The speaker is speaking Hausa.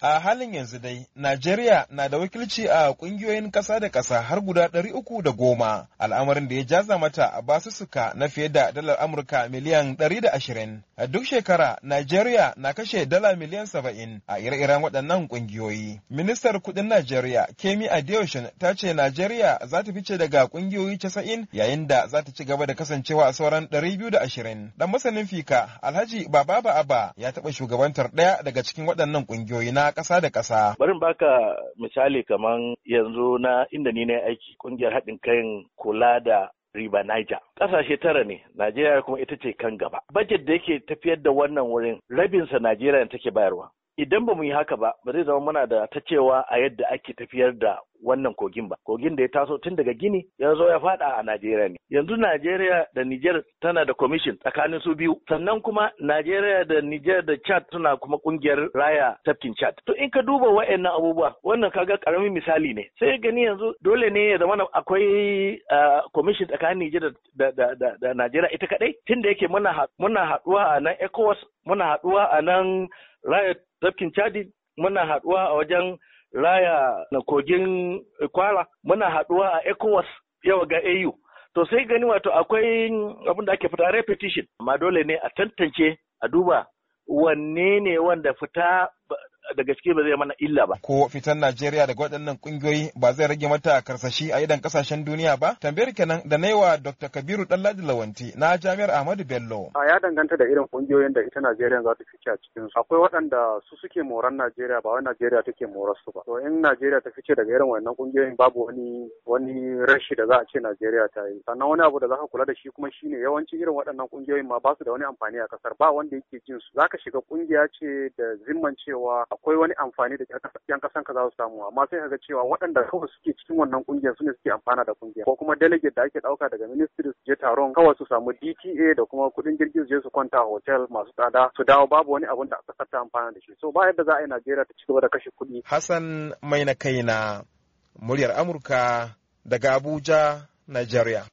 A halin yanzu dai, Najeriya na da wakilci a ƙungiyoyin ƙasa da ƙasa har guda ɗari uku da goma, al'amarin da ya jaza mata a basu suka na fiye da dalar Amurka miliyan ɗari da ashirin. A duk shekara, Najeriya na kashe dala miliyan saba'in a ire-iren waɗannan ƙungiyoyi. Ministar kuɗin Najeriya, Kemi Adeoshin, ta ce Najeriya za ta fice daga ƙungiyoyi casa'in yayin da za ta ci gaba da kasancewa a sauran ɗari biyu da ashirin. Ɗan masanin fika, Alhaji Baba Ba'aba ya taɓa shugabantar ɗaya daga cikin waɗannan ƙungiyoyi na kasa ƙasa da ƙasa. Bari in baka misali kamar yanzu na inda ni na aiki ƙungiyar haɗin kai kula da riba Niger. Ƙasashe tara ne, Najeriya kuma ita ce kan gaba. Bajet da yake tafiyar da wannan wurin rabinsa Najeriya take bayarwa. idan ba mu yi haka ba ba zai zama muna da ta cewa a yadda ake tafiyar da wannan kogin ba kogin da ya taso tun daga gini ya zo ya fada a najeriya ne yanzu najeriya da niger tana da commission tsakanin su biyu sannan kuma najeriya da niger da chad suna kuma kungiyar raya tafkin chad to in ka duba wa'annan abubuwa wannan kaga karamin misali ne sai gani yanzu dole ne ya zama akwai ah, commission tsakanin niger da, da, najeriya ita kadai Tunda yake muna muna haduwa a nan ecowas muna haduwa a nan raya tafkin chadi muna haɗuwa a wajen raya na kogin kwara muna haɗuwa a ecowas yawa ga au to sai gani wato akwai abin da ake fita repetition amma dole ne a tantance a duba wanne ne wanda fita da gaske ba zai mana illa ba. Ko fitan Najeriya daga waɗannan ƙungiyoyi ba zai rage mata karsashi a idan ƙasashen duniya ba? Tambayar kenan da na yi wa Dr. Kabiru Ɗanladi Lawanti na Jami'ar Ahmadu Bello. A ya danganta da irin ƙungiyoyin da ita Najeriya za ta fice a cikin su. Akwai waɗanda su suke moran Najeriya ba wai Najeriya take moran su ba. To in Najeriya ta fice daga irin wannan ƙungiyoyin babu wani wani rashi da za a ce Najeriya ta yi. Sannan wani abu da za ka kula da shi kuma shine yawanci irin waɗannan ƙungiyoyin ma ba su da wani amfani a ƙasar ba wanda yake jin su. Za ka shiga ƙungiya ce da zimman cewa akwai wani amfani da yan kasan ka za su samu amma sai kaga cewa waɗanda kawai suke cikin wannan kungiyar su ne suke amfana da kungiyar ko kuma delegate da ake ɗauka daga ministry su je taron kawai su samu DTA da kuma kuɗin jirgin su je su kwanta hotel masu tsada su dawo babu wani abun da aka ta amfana da shi so ba yadda za a yi Najeriya ta ci gaba da kashe kuɗi. Hassan mai na kaina muryar Amurka daga Abuja, Najeriya.